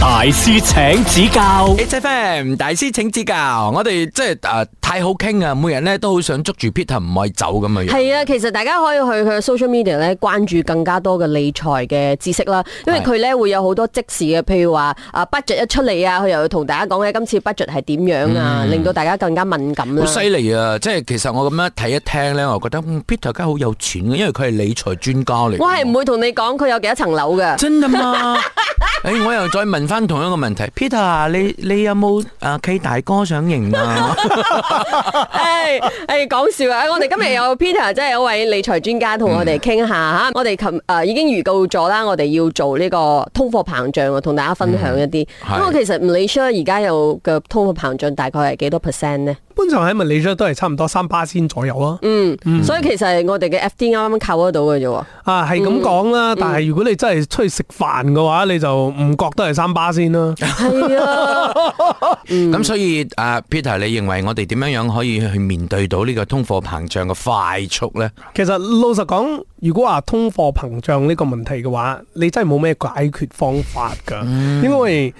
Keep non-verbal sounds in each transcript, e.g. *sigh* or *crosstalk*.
大師請指教，H F M 大師請指教，我哋即係誒太好傾啊！每日咧都好想捉住 Peter 唔可以走咁嘅樣。係啊，其實大家可以去佢 social media 咧，關注更加多嘅理財嘅知識啦，因為佢咧會有好多即時嘅，譬如話啊 budget 一出嚟啊，佢又要同大家講嘅今次 budget 係點樣啊，令、嗯、到大家更加敏感啦。好犀利啊！即係其實我咁樣睇一聽咧，我覺得、嗯、Peter 家好有錢嘅，因為佢係理財專家嚟。我係唔會同你講佢有幾多層樓嘅。真㗎嘛？ *laughs* 誒、欸，我又再問翻同一個問題，Peter，你你有冇誒、啊、K 大哥想贏啊？誒 *laughs* 誒、 *laughs* 欸，講、欸、笑啊 Peter，們、嗯、啊！我哋今日有 Peter，真係有位理財專家，同我哋傾下吓。我哋琴誒已經預告咗啦，我哋要做呢個通貨膨脹啊，同大家分享一啲。不、嗯、啊，其實唔理 s u 而家有嘅通貨膨脹大概係幾多 percent 咧？呢通常喺馬來西亞都係差唔多三巴仙左右囉、啊嗯。嗯，所以其實我哋嘅 FD 啱啱扣得到嘅啫。啊，係咁講啦，但係如果你真係出去食飯嘅話，你就唔覺得係三巴仙啦。係啊。咁、啊 *laughs* 嗯、所以 Peter 你認為我哋點樣樣可以去面對到呢個通貨膨脹嘅快速咧？其實老實講，如果話通貨膨脹呢個問題嘅話，你真係冇咩解決方法噶，嗯、因為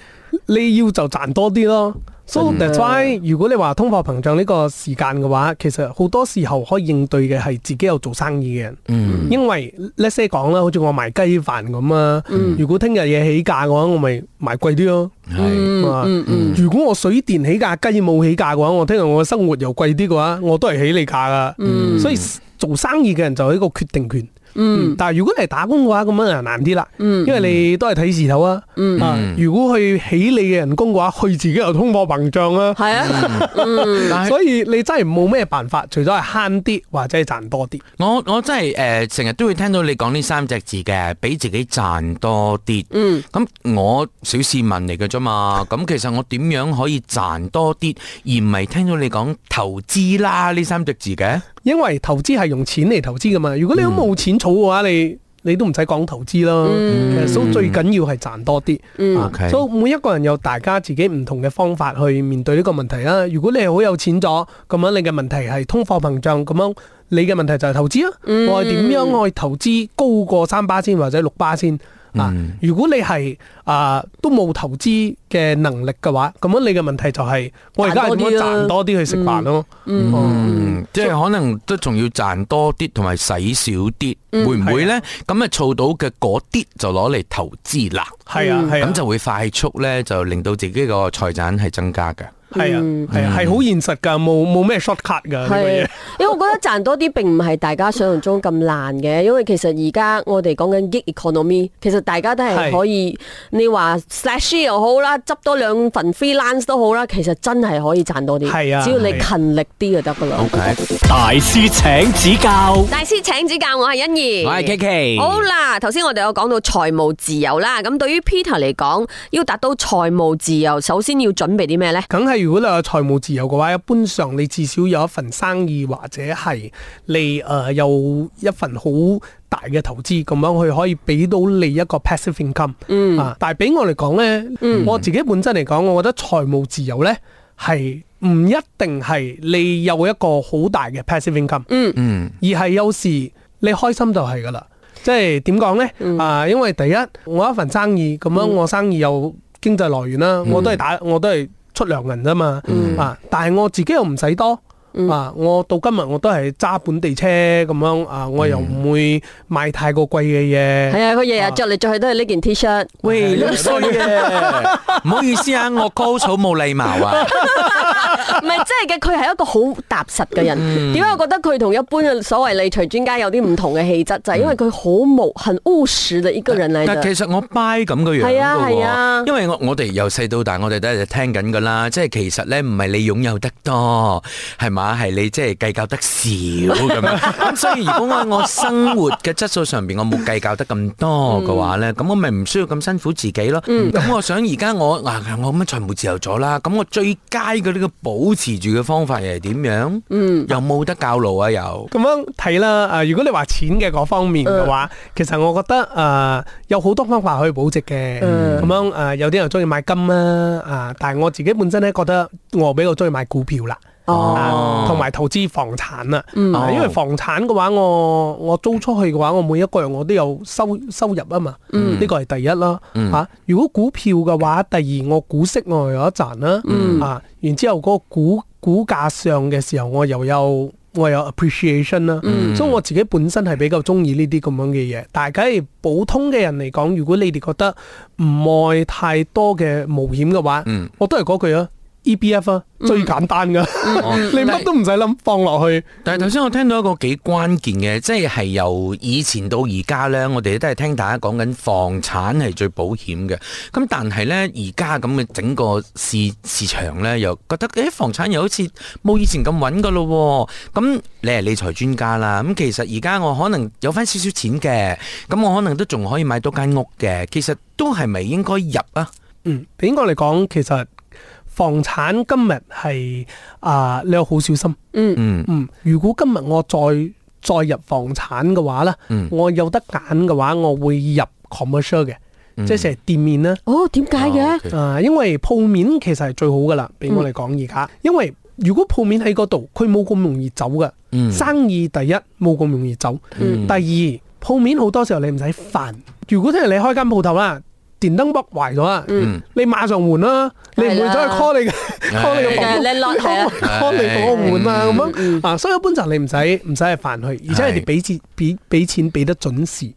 你要就賺多啲咯。so try、mm -hmm. 如果你話通貨膨脹呢個時間嘅話，其實好多時候可以應對嘅係自己有做生意嘅人，mm -hmm. 因為 let’s say 講啦，好似我賣雞飯咁啊，如果聽日嘢起價嘅話，我咪賣貴啲咯。係、mm -hmm.，如果我水電起價、雞冇起價嘅話，我聽日我生活又貴啲嘅話，我都係起你價㗎。Mm -hmm. 所以做生意嘅人就係一個決定權。嗯，但係如果你係打工嘅話，咁樣就難啲啦。嗯，因為你都係睇字頭啊。嗯，如果去起你嘅人工嘅話，佢自己又通貨膨脹啊。係啊，嗯、 *laughs* 所以你真係冇咩辦法，除咗係慳啲或者係賺多啲。我我真係誒，成、呃、日都會聽到你講呢三隻字嘅，俾自己賺多啲。嗯，咁我小市民嚟嘅啫嘛，咁其實我點樣可以賺多啲，而唔係聽到你講投資啦呢三隻字嘅。因為投資係用錢嚟投資噶嘛，如果你都冇錢儲嘅話，嗯、你你都唔使講投資啦。嗯、其實所以最緊要係賺多啲。所、嗯、以、so, 每一個人有大家自己唔同嘅方法去面對呢個問題啦。如果你係好有錢咗，咁樣你嘅問題係通貨膨脹，咁樣你嘅問題就係投資咯、啊嗯。我係點樣可以投資高過三巴仙或者六巴仙？嗯、如果你係啊、呃、都冇投資嘅能力嘅話，咁樣你嘅問題就係我而家係點樣賺多啲去食飯咯。嗯，即係可能都仲要賺多啲同埋使少啲、嗯，會唔會呢？咁啊儲到嘅嗰啲就攞嚟投資啦。係啊係啊，咁就會快速呢，就令到自己個財產係增加嘅。係、嗯、啊，係啊，係好現實噶，冇冇咩 short cut 噶。係， *laughs* 因為我覺得賺多啲並唔係大家想象中咁難嘅，因為其實而家我哋講緊 e c o n o m y 其實大家都係可以，你話 slash s e 又好啦，執多兩份 freelance 都好啦，其實真係可以賺多啲。係啊是，只要你勤力啲就得噶啦。O、okay. K， *laughs* 大師請指教。大師請指教，我係欣怡，我係 Kiki。好啦，頭先我哋有講到財務自由啦，咁對於 Peter 嚟講，要達到財務自由，首先要準備啲咩咧？梗係。如果你有財務自由嘅話，一般上你至少有一份生意，或者係你、呃、有一份好大嘅投資咁樣，佢可以俾到你一個 passive income、嗯。啊，但係俾我嚟講呢、嗯，我自己本身嚟講，我覺得財務自由呢係唔一定係你有一個好大嘅 passive income。嗯嗯，而係有時你開心就係噶啦，即係點講呢？啊，因為第一我有一份生意咁樣，我生意有經濟來源啦、嗯，我都係打，我都係。出糧銀咋嘛？啊、嗯！但係我自己又唔使多、嗯、啊！我到今日我都係揸本地車咁樣啊！我又唔會買太過貴嘅嘢。係、嗯、啊，佢日日着嚟着去都係呢件 T-shirt。喂，你衰嘅，唔 *laughs* *laughs* 好意思啊，我高草冇禮貌啊。 *laughs* 係嘅，佢係一個好踏實嘅人。點、嗯、解我覺得佢同一般嘅所謂理財專家有啲唔同嘅氣質就係、是、因為佢好無恨務實嘅一個人嚟。其實我拜咁嘅樣嘅喎、啊啊，因為我我哋由細到大我哋都係聽緊噶啦，即係其實咧唔係你擁有得多，係嘛係你即係計較得少咁。咁 *laughs* 所以如果我我生活嘅質素上邊我冇計較得咁多嘅話咧，咁、嗯、我咪唔需要咁辛苦自己咯。咁、嗯、我想而家我嗱我咁樣財務自由咗啦，咁我最佳嘅呢個保持。住嘅方法又係點樣？嗯，有冇得教路啊？又咁樣睇啦。啊，如果你話錢嘅嗰方面嘅話、嗯，其實我覺得誒、呃、有好多方法可以保值嘅。咁、嗯、樣誒、呃，有啲人中意買金啦，啊、呃，但係我自己本身咧覺得，我比較中意買股票啦。哦，同、啊、埋投資房產啦，啊、嗯，因為房產嘅話，我我租出去嘅話，我每一個月我都有收收入啊嘛，呢個係第一啦，嚇、嗯啊。如果股票嘅話，第二我股息我有一賺啦、啊嗯，啊，然之後嗰個股股價上嘅時候，我又有我有 appreciation 啦、啊嗯，所以我自己本身係比較中意呢啲咁樣嘅嘢。但係假如普通嘅人嚟講，如果你哋覺得唔愛太多嘅冒險嘅話、嗯，我都係嗰句啊。E B F 啊，最簡單噶、嗯， *laughs* 你乜都唔使諗，放落去。但係頭先我聽到一個幾關鍵嘅，即係係由以前到而家呢，我哋都係聽大家講緊房產係最保險嘅。咁但係呢，而家咁嘅整個市市場呢又覺得誒、欸，房產又好似冇以前咁穩噶咯。咁你係理財專家啦，咁其實而家我可能有翻少少錢嘅，咁我可能都仲可以買多間屋嘅。其實都係咪應該入啊？嗯，畀我嚟講，其實。房產今日係啊，你要好小心。嗯嗯嗯，如果今日我再再入房產嘅話咧、嗯，我有得揀嘅話，我會入 commercial 嘅、嗯，即係成日店面啦。哦，點解嘅？啊，因為鋪面其實係最好噶啦，俾我哋講而家。因為如果鋪面喺嗰度，佢冇咁容易走噶。嗯。生意第一冇咁容易走。嗯。第二鋪面好多時候你唔使煩。如果聽日你開間鋪頭啦。電燈泡壞咗啊！你馬上換啦！你唔換咗去 call 你 call 你 call 你 call 你換啊咁樣啊！所以一般就你唔使唔使去，去而且人哋俾錢俾俾俾得準時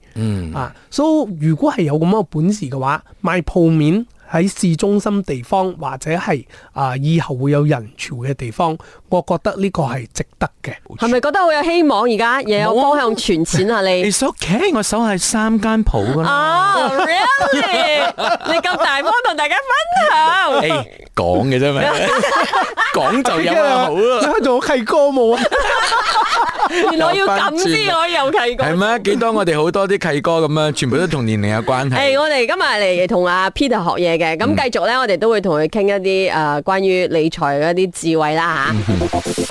啊！所以如果係有咁嘅本事嘅話，賣鋪面。喺市中心地方或者係啊，以後會有人潮嘅地方，我覺得呢個係值得嘅。係咪覺得好有希望而家又有方向存錢啊？你你屋企我手係三間鋪啊。啊，really？你咁大方同大家分享？講嘅啫嘛，講就有咪好咯。我契哥冇啊。 *laughs* 原來我要咁啲，我又契哥係咩？幾我多我哋好多啲契哥咁啊， *laughs* 全部都同年齡有關係。誒，我哋今日嚟同阿 Peter 學嘢嘅，咁繼續咧，我哋都會同佢傾一啲誒、呃，關於理財嘅一啲智慧啦吓。啊、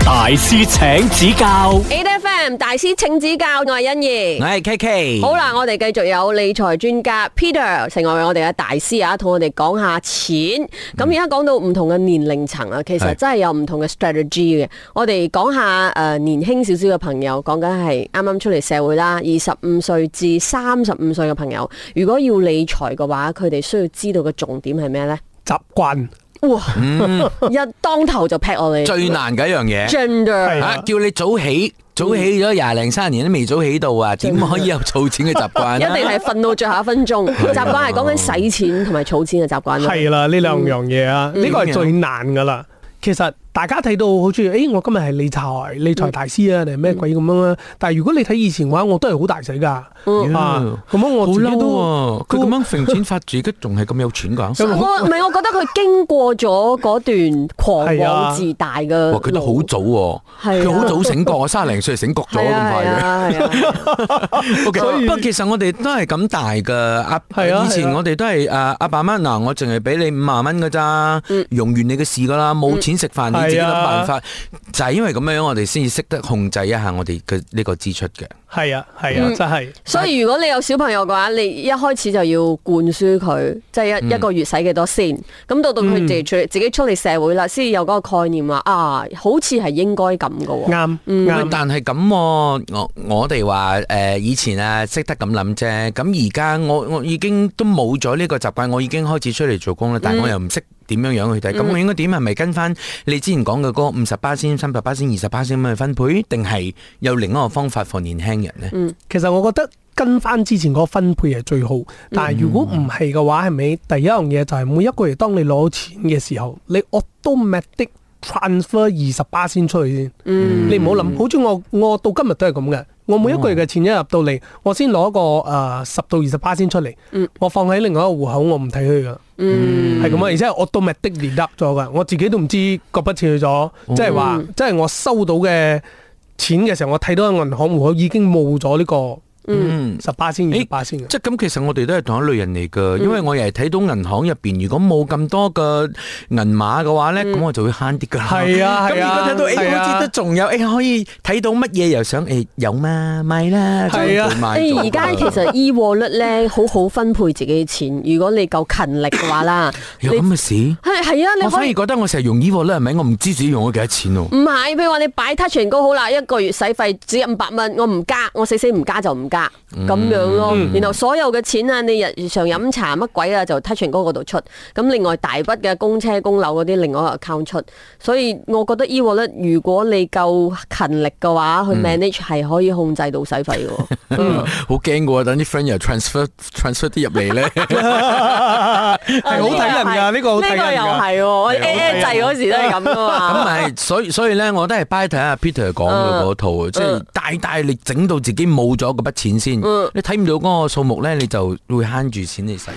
*laughs* 大師請指教，A T F M 大師請指教，我係欣宜，我係 K K。好啦，我哋繼續有理財專家 Peter，成為我哋嘅大師啊，同我哋講下錢。咁而家講到唔同嘅年齡層啊，其實真係有唔同嘅 strategy 嘅。我哋講下誒、呃，年輕少少嘅朋友。朋友講緊係啱啱出嚟社會啦，二十五歲至三十五歲嘅朋友，如果要理財嘅話，佢哋需要知道嘅重點係咩呢？習慣哇、嗯，一當頭就劈我哋。最難嘅一樣嘢。吓、啊啊，叫你早起，嗯、早起咗廿零三年都未早起到啊，點、啊、可以有儲錢嘅習慣？ *laughs* 一定係瞓到最後一分鐘。習慣係講緊使錢同埋儲錢嘅習慣。係啦，呢兩樣嘢啊，呢個係最難噶啦、嗯。其實。大家睇到好似，意、哎，我今日係理財理財大師啊，定係咩鬼咁樣？但係如果你睇以前嘅話，我都係好大水㗎，咁、嗯嗯啊、樣我好嬲佢咁樣揈錢發字，佢仲係咁有錢㗎、啊。所以我唔係，我覺得佢經過咗嗰段狂妄自大嘅。佢都好早、啊，佢好、啊、早醒覺我三十零歲就醒覺咗咁、啊、快嘅。啊啊、 *laughs* *laughs* okay，所以不過其實我哋都係咁大嘅阿，係以前我哋都係阿、啊、爸，爸媽，媽，嗱，我淨係俾你五萬蚊㗎咋，用完你嘅事㗎啦，冇錢食飯。嗯自己諗辦法，是啊、就係、是、因為咁樣，我哋先至識得控制一下我哋嘅呢個支出嘅。係啊，係啊，嗯、真係。所以如果你有小朋友嘅話，你一開始就要灌輸佢，即係一一個月使幾多先。咁、嗯、到到佢哋出自己出嚟社會啦，先、嗯、有嗰個概念話啊，好似係應該咁㗎。啱，啱、嗯。但係咁、啊，我我哋話誒，以前啊，識得咁諗啫。咁而家我我已經都冇咗呢個習慣，我已經開始出嚟做工啦。但係我又唔識。點樣樣去睇？咁、嗯、我應該點？係咪跟翻你之前講嘅嗰五十八先、三十八先、二十八先咁去分配？定係有另一個方法放年輕人咧、嗯？其實我覺得跟翻之前嗰個分配係最好。但係如果唔係嘅話，係咪、嗯、第一樣嘢就係每一個月當你攞錢嘅時候，你 automatic transfer 二十八先出去先、嗯。你唔好諗，好似我我到今日都係咁嘅。我每一個月嘅錢一入到嚟，我先攞個誒十到二十八先出嚟，嗯，我放喺另外一個戶口，我唔睇佢噶，係咁啊！而且我都咪的連入咗噶，我自己都唔知嗰筆錢去咗，即係話，即係我收到嘅錢嘅時候，我睇到個銀行戶口已經冇咗呢個。嗯、mm. 欸，十八千二百即係咁，其實我哋都係同一類人嚟嘅，因為我又係睇到銀行入邊，如果冇咁多嘅銀碼嘅話咧，咁、mm. 我就會慳啲噶。係啊，咁、啊、如果睇到都仲、啊欸、有、欸、可以睇到乜嘢又想、欸、有咩買啦？係啊，誒而家其實二和率咧，好好分配自己嘅錢。如果你夠勤力嘅話啦， *laughs* 有咁嘅事係啊，你可以我反而覺得我成日用二和率係咪？我唔知自己用咗幾多錢哦、啊。唔係，譬如話你擺攤全高好啦，一個月使費只有五百蚊，我唔加，我死死唔加就唔加。咁樣咯，然後所有嘅錢啊，你日常飲茶乜鬼啊，就 touch 哥嗰度出。咁另外大筆嘅供車供樓嗰啲，另外又 account 出。所以我覺得 E 窩咧，如果你夠勤力嘅話，去 manage 係可以控制到使費嘅。好驚嘅，等啲 friend 又 transfer *laughs* transfer 啲入嚟咧。係好睇人噶，呢、這個呢個又係我 AA、er、制嗰時都係咁噶，咁唔係， *laughs* 嗯嗯、 *laughs* 所以所以咧，我都係 buy 睇下 Peter 講嘅嗰套，即、嗯、係、嗯就是、大大力整到自己冇咗嗰筆錢。錢先，嗯、你睇唔到嗰個數目咧，你就會慳住錢嚟使。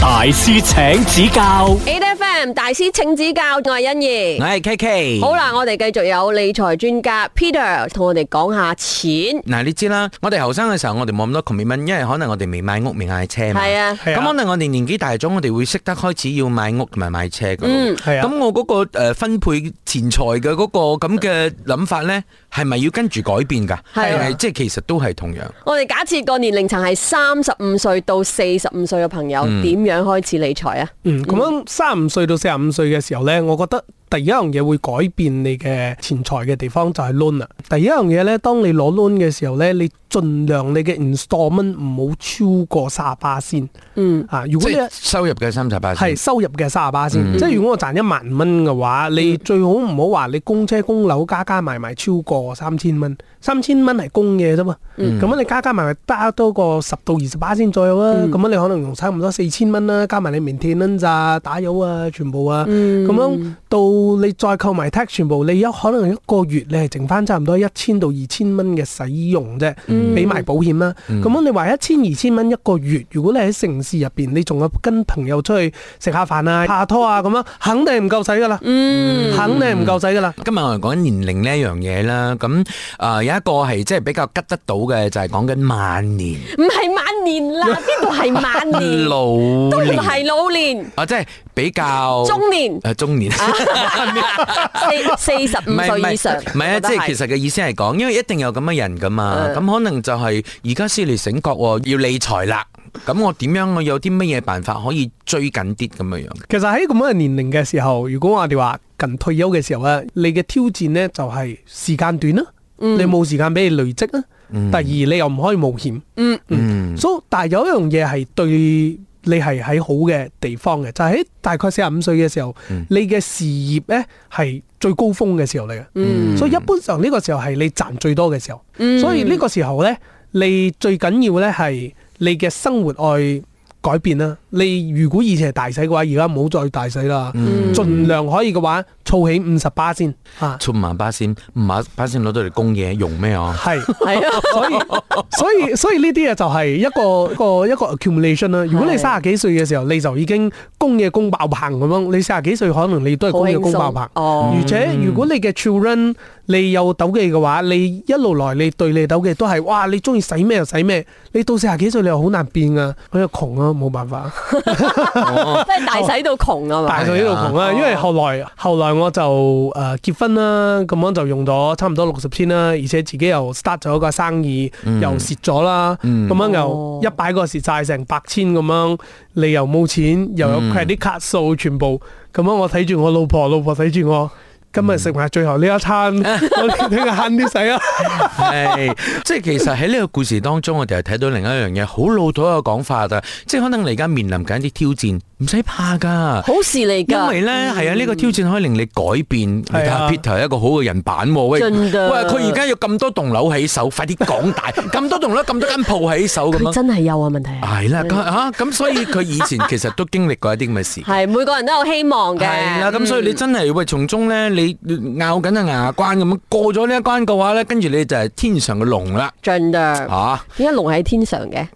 大師請指教，A D F M，大師請指教，我係欣宜，我係 K K。好啦，我哋繼續有理財專家 Peter 同我哋講下錢。嗱、啊，你知啦，我哋後生嘅時候，我哋冇咁多 commitment，因為可能我哋未買屋，未買車嘛。係啊，咁可能我哋年紀大咗，我哋會識得開始要買屋同埋買車噶。嗯、啊，咁我嗰個誒分配錢財嘅嗰個咁嘅諗法咧，係咪要跟住改變噶？係、啊，即係其實都係同樣。我哋假設個年齡層係三十五歲到四十五歲嘅朋友，嗯、點樣開始理財啊？嗯，咁樣三十五歲到四十五歲嘅時候呢，我覺得。第一樣嘢會改變你嘅錢財嘅地方就係 loan 啦。第一樣嘢咧，當你攞 loan 嘅時候咧，你儘量你嘅 installment 唔好超過三十八先。啊、嗯，如果你收入嘅三十八先，係收入嘅三十八先。即係如果我賺一萬蚊嘅話、嗯，你最好唔好話你供車供樓加加埋埋超過三千蚊。三千蚊係供嘢啫嘛。咁、嗯、你加加埋埋加多個十到二十八先左右啦。咁、嗯、你可能用差唔多四千蚊啦，加埋你 maintenance 咋打油啊，全部啊。咁、嗯、樣到。你再購買 Tax，全部你有可能一個月你係剩翻差唔多一千到二千蚊嘅使用啫，俾埋保險啦。咁你話一千二千蚊一個月，如果你喺城市入邊，你仲有跟朋友出去食下飯啊、拍下拖啊咁啊，肯定唔夠使噶啦，肯定唔夠使噶啦。今日我哋講緊年齡呢一樣嘢啦，咁啊有一個係即係比較吉得到嘅，就係講緊晚年，唔係晚年啦，邊度係晚年，都唔係老年啊，即係比較中年啊，中年。四四十五歲以上，唔係啊，即係其實嘅意思係講，因為一定有咁嘅人噶嘛，咁、嗯、可能就係而家先嚟醒覺，要理財啦。咁我點樣？我有啲乜嘢辦法可以追緊啲咁樣樣？其實喺咁嘅年齡嘅時候，如果我哋話近退休嘅時候咧，你嘅挑戰咧就係時間短咯、嗯，你冇時間俾你累積啊。第二，你又唔可以冒險。嗯嗯、嗯。所以，但係有一樣嘢係對。你係喺好嘅地方嘅，就係喺大概四十五歲嘅時候，你嘅事業呢係最高峰嘅時候嚟嘅、嗯，所以一般上呢個時候係你賺最多嘅時候，嗯、所以呢個時候呢，你最緊要呢係你嘅生活愛。改變啦！你如果以前係大使嘅話，而家唔好再大使啦，盡、嗯、量可以嘅話，儲起五十巴先吓，儲萬巴先，萬巴先攞到嚟供嘢用咩啊？係係啊！所以 *laughs* 所以所以呢啲嘢就係一個一個一個 accumulation 啦。如果你三十幾歲嘅時候你就已經供嘢供爆棚咁樣，你四十幾歲可能你都係供嘢供，供爆棚哦。而且、哦、如果你嘅 children 你有斗技嘅話，你一路來你對你嘅斗技都係哇！你中意使咩就使咩，你到四十幾歲你又好難變啊，佢又窮啊！冇辦法， *laughs* *laughs* 即係大使到窮啊！嘛、哦。大使度窮啊，因為後來後來我就誒、呃、結婚啦，咁樣就用咗差唔多六十千啦，而且自己又 start 咗個生意，嗯、又蝕咗啦，咁、嗯、樣又一百個蝕晒成八千咁樣，你又冇錢，又有係啲卡數全部，咁樣我睇住我老婆，老婆睇住我。今日食埋最後呢一餐，嗯，我哋聽日慳啲使啊！係，即係其實喺呢個故事當中，我哋係睇到另一樣嘢，好老土嘅講法啊！即係可能你而家面臨緊啲挑戰。唔使怕噶，好事嚟噶。因為咧，係啊，呢個挑戰可以令你改變。係啊，Peter 係一個好嘅人版。進步。喂，佢而家要咁多棟樓起手，快啲講大。咁多棟樓，咁多間鋪起手咁樣。佢真係有啊問題。係啦，吓咁，所以佢以前其實都經歷過一啲咁嘅事。係，每個人都有希望嘅。係啦，咁所以你真係喂，從中咧你咬緊啊牙關咁樣過咗呢一關嘅話咧，跟住你就係天上嘅龍啦。進步。吓？點解龍喺天上嘅？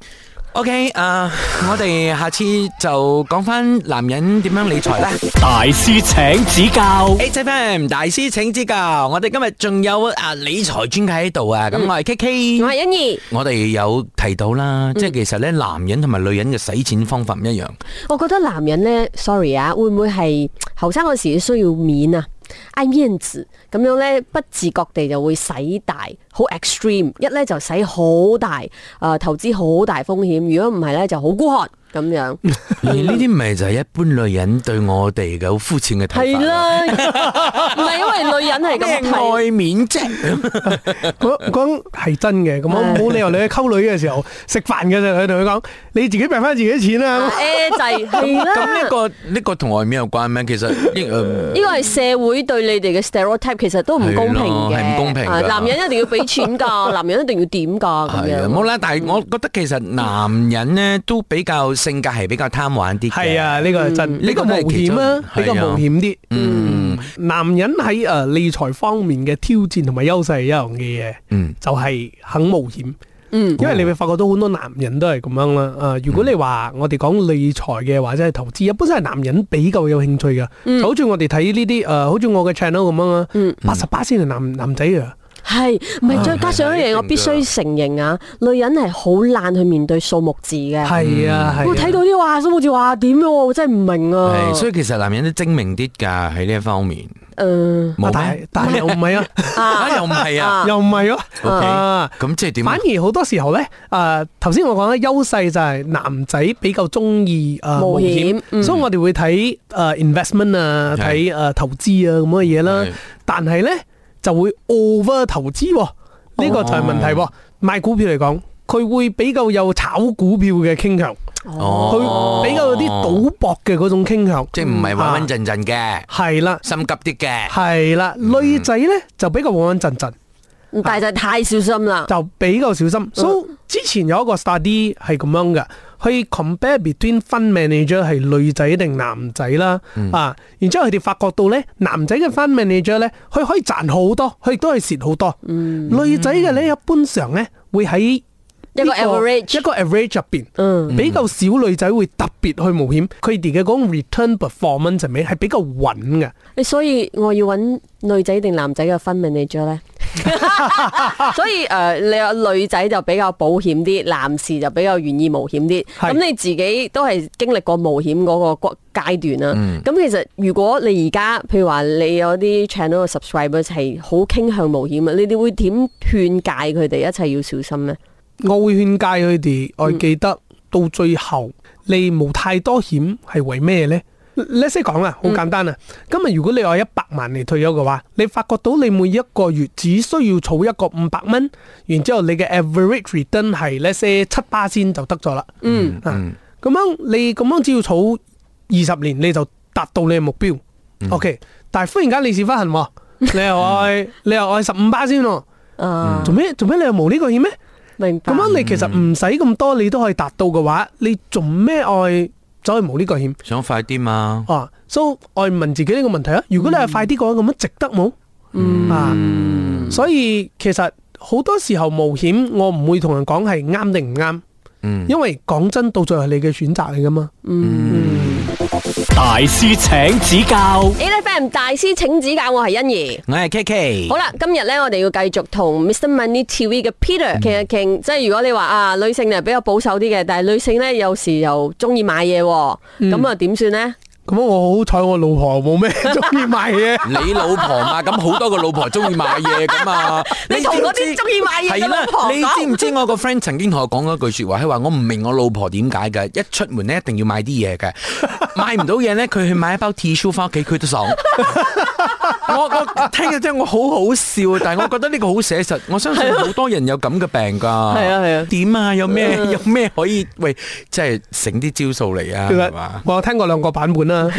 O K，誒，我哋下次就講翻男人點樣理財咧。大師請指教，誒，嘉賓，大師請指教。我哋今日仲有誒理財專家喺度啊，咁、嗯、我係 K K，我、嗯、係欣怡。我哋有提到啦，嗯、即係其實咧，男人同埋女人嘅使錢方法唔一樣。我覺得男人咧，sorry 啊，會唔會係後生嗰時需要面啊，面子咁樣咧，不自覺地就會使大。好 extreme，一咧就使好大，啊，投資好大風險。如果唔係咧，就好孤寒咁樣。而呢啲咪就係一般女人對我哋嘅好膚淺嘅睇法。係啦，唔係因為女人係咁睇。外面啫，我講係真嘅，咁我冇理由去你溝女嘅時候食飯嘅啫，同佢講你自己掹翻自己錢啦。誒，就係啦。咁呢個呢個同外面有關咩？其實呢個呢個係社會對你哋嘅 stereotype，其實都唔公平嘅，係唔公平。男人一定要俾。錢噶，男人一定要點噶。係 *laughs* 啊，冇啦。但係我覺得其實男人咧都比較、嗯、性格係比較貪玩啲。係、呢個就係、嗯、呢個、啊，呢個真，呢個冒險啦，比較冒險啲。嗯，男人喺誒、uh, 理財方面嘅挑戰同埋優勢一樣嘅嘢。嗯，就係、係、肯冒險。嗯，因為你會發覺到好多男人都係咁樣啦、嗯。如果你話我哋講理財嘅或者係投資，一般都係男人比較有興趣㗎、嗯。就好似我哋睇呢啲誒，uh, 好似我嘅 channel 咁啊。八十八先係男男仔啊。係，唔係再加上一樣，我必須承認啊，女人係好難去面對數目字嘅。係啊，我睇到啲話數目字，話點我真係唔明啊。係，所以其實男人都精明啲噶喺呢一方面。誒，但但又唔係啊，啊又唔係啊，又唔係咯。OK，咁即係點？反而好多時候咧，誒，頭先我講嘅，優勢就係男仔比較中意誒冒險，所以我哋會睇誒 investment 啊，睇誒投資啊咁嘅嘢啦。但係咧。就會 over 投資呢、哦，呢個就係問題、哦。買、oh. 股票嚟講，佢會比較有炒股票嘅傾向，佢、oh. 比較有啲賭博嘅嗰種傾向，oh. 嗯、即係唔係穩穩陣陣嘅，係、啊、啦，心急啲嘅，係啦。嗯、女仔呢就比較穩穩陣陣，但係太小心啦、啊，就比較小心。所、so, 以之前有一個 study 係咁樣嘅。去 compare between fund manager 係女仔定男仔啦、嗯，啊，然之後佢哋發覺到咧，男仔嘅 fund manager 咧，佢可以賺好多，佢亦都係蝕好多。嗯、女仔嘅咧一般常咧會喺一個 average 一個 average 入面，嗯，比較少女仔會特別去冒險。佢哋嘅嗰個 return performance 係比較穩嘅。所以我要揾女仔定男仔嘅分明你知咧。 *laughs* *laughs* *laughs* 所以、呃、你話女仔就比較保險啲，男士就比較願意冒險啲。咁你自己都係經歷過冒險嗰個階段啦，啊。咁、嗯、其實如果你而家譬如話你有啲 channel 嘅 subscribers 係好傾向冒險啊，你哋會點勸解佢哋一切要小心呢？我會勸誡佢哋，我記得、嗯、到最後你冇太多險係為咩咧？Let's say 講啊，好簡單啊、嗯。今日如果你愛一百萬嚟退休嘅話，你發覺到你每一個月只需要儲一個五百蚊，然之後你嘅 average return 係 Let's say 七八巴先就得咗啦。嗯，咁、啊嗯、樣你咁樣只要儲二十年，你就達到你嘅目標。嗯、OK，但係忽然間你屎忽痕、啊，你又愛、嗯、你又愛十五巴先咯。做咩做咩你又冇呢個險咩？咁樣你其實唔使咁多，你都可以達到嘅話，你做咩愛走去冒呢個險？想快啲嘛？哦，所以愛問自己呢個問題啦。如果你係快啲過，咁樣值得冇？啊，所以其實好多時候冒險，我唔會同人講係啱定唔啱。嗯，因為講真，到最後係你嘅選擇嚟噶嘛。嗯，大師請指教。Hello, friend，大師請指教。我係欣宜，我係 K K。好啦，今日咧，我哋要繼續同 Mr. Money TV 嘅 Peter 傾、嗯、一傾。即係如果你話啊，女性啊比較保守啲嘅，但係女性咧有時又中意買嘢，咁啊點算咧？咁我好彩，我老婆冇咩中意買嘢。 *laughs* 你老婆嘛，咁好多個老婆中意買嘢噶嘛。你同嗰啲中意買嘢嘅老婆講，係啦，你知唔知我個 friend 曾經同我講過一句說話？佢話我唔明我老婆點解㗎。一出門咧一定要買啲嘢嘅，買唔到嘢咧，佢去買一包 T 恤翻屋企，佢都爽。 *laughs* *laughs* 我我聽嘅真係我好好笑啊，但係我覺得呢個好寫實，我相信好多人有咁嘅病噶。係啊係啊，點啊，是啊，啊有咩有咩可以喂，即係整啲招數嚟啊，係嘛？我聽過兩個版本啦，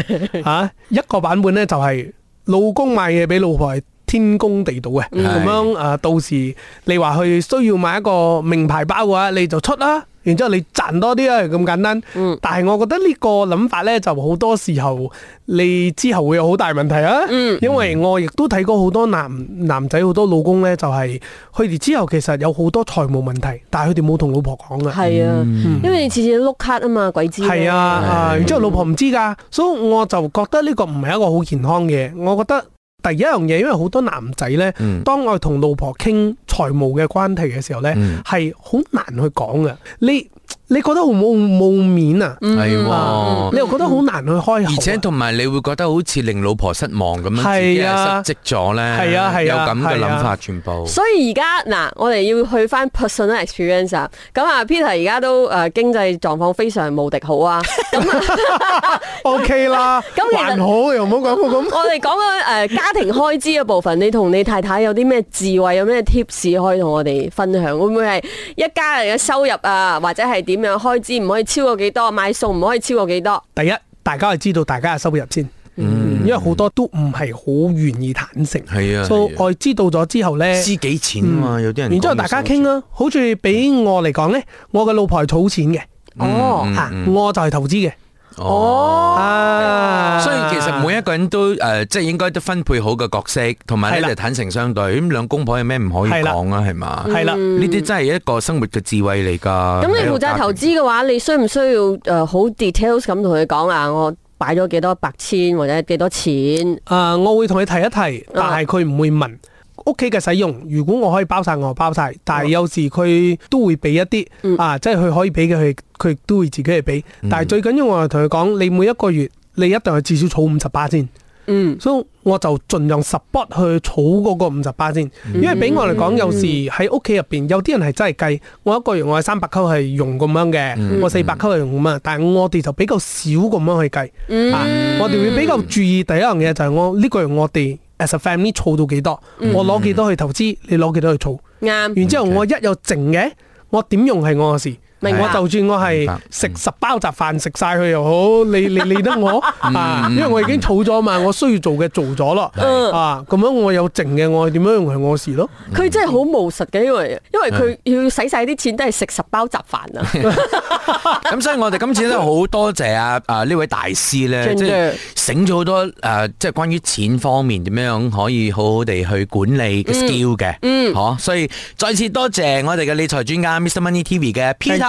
吓、 *laughs* 啊、一個版本咧就係老公買嘢俾老婆係天公地道嘅，咁、嗯、樣誒、啊，到時你話佢需要買一個名牌包嘅話，你就出啦、啊。然之後你賺多啲啊，咁簡單。但係我覺得呢個諗法呢，就好多時候你之後會有好大問題啊。嗯、因為我亦都睇過好多男男仔，好多老公呢、就係，就係佢哋之後其實有好多財務問題，但係佢哋冇同老婆講呀。係啊、嗯，因為你次次碌卡啊嘛，鬼知，係啊，然之後老婆唔知㗎，所以我就覺得呢個唔係一個好健康嘅。我覺得。第一樣嘢，因為好多男仔呢、嗯、當我同老婆傾財務嘅關係嘅時候呢，係好難去講嘅呢。你覺得好冇冇面啊？係、嗯、喎，你又覺得好難去開口、啊嗯。而且同埋你會覺得好似令老婆失望咁樣，自己失職咗咧。啊，啊，啊，有咁嘅諗法全部。啊啊啊、所以而家嗱，我哋要去翻 personal experience。咁啊，Peter 而家都經濟狀況非常無敵好啊。 *laughs* *laughs* *laughs* OK 啦了。咁 *laughs* 還好，又 *laughs* 唔說好 *laughs* 講咁。我哋講緊家庭開支嘅部分， *laughs* 你同你太太有啲咩智慧，有咩 tips 可以同我哋分享？會唔會係一家人嘅收入啊，或者係點？咁樣開支唔可以超過幾多，買餸唔可以超過幾多。第一，大家係知道大家嘅收入先，嗯，因為好多都唔係好願意坦誠，係、嗯、啊。所以知道咗之後呢，知幾錢啊嘛，有啲人。然之後大家傾咯，好似俾我嚟講呢，我嘅老婆係儲錢嘅，哦啊，我就係投資嘅。哦、啊，所以其實每一個人都誒、呃，即係應該都分配好嘅角色，同埋咧就坦誠相對。咁兩公婆有咩唔可以講啊？係嘛？係啦，呢啲、嗯、真係一個生活嘅智慧嚟噶。咁、嗯、你負責投資嘅話的，你需唔需要誒好 details 咁同佢講啊？我擺咗幾多百千或者幾多錢？誒、呃，我會同你提一提，但係佢唔會問。啊屋企嘅使用，如果我可以包晒，我包晒。但係有時佢都會俾一啲、嗯、啊，即係佢可以俾嘅，佢佢都會自己去俾。但係最緊要我係同佢講，你每一個月你一定係至少儲五十巴仙。嗯，所以我就盡量十筆去儲嗰個五十巴仙。因為俾我嚟講，有時喺屋企入邊有啲人係真係計，我一個月我係三百勾係用咁樣嘅，我四百勾係用咁樣，嗯用樣。但係我哋就比較少咁樣去計、嗯、啊，嗯、我哋會比較注意第一樣嘢就係我呢、這個月我哋。As a family，儲到幾多，mm. 我攞幾多去投資，你攞幾多去儲，啱。然之後、okay. 我一有剩嘅，我點用係我嘅事。明啊，我就算我係食十包雜飯食晒佢又好，嗯，你你理得我啊，嗯？因為我已經儲咗嘛，我需要做嘅做咗咯。啊、嗯、咁，嗯、樣我有剩嘅，我係點樣用係我事咯。佢真係好務實嘅，因為因為佢要使晒啲錢都係食十包雜飯，嗯嗯、 *laughs* *laughs* 啊。咁所以，我哋今次咧好多謝啊呢位大師咧，即係醒咗好多誒、即、啊、係、即係、關於錢方面點樣可以好好地去管理嘅 skill 嘅，嗯，嗯、啊，所以再次多謝我哋嘅理財專家 Mr Money TV 嘅 Peter。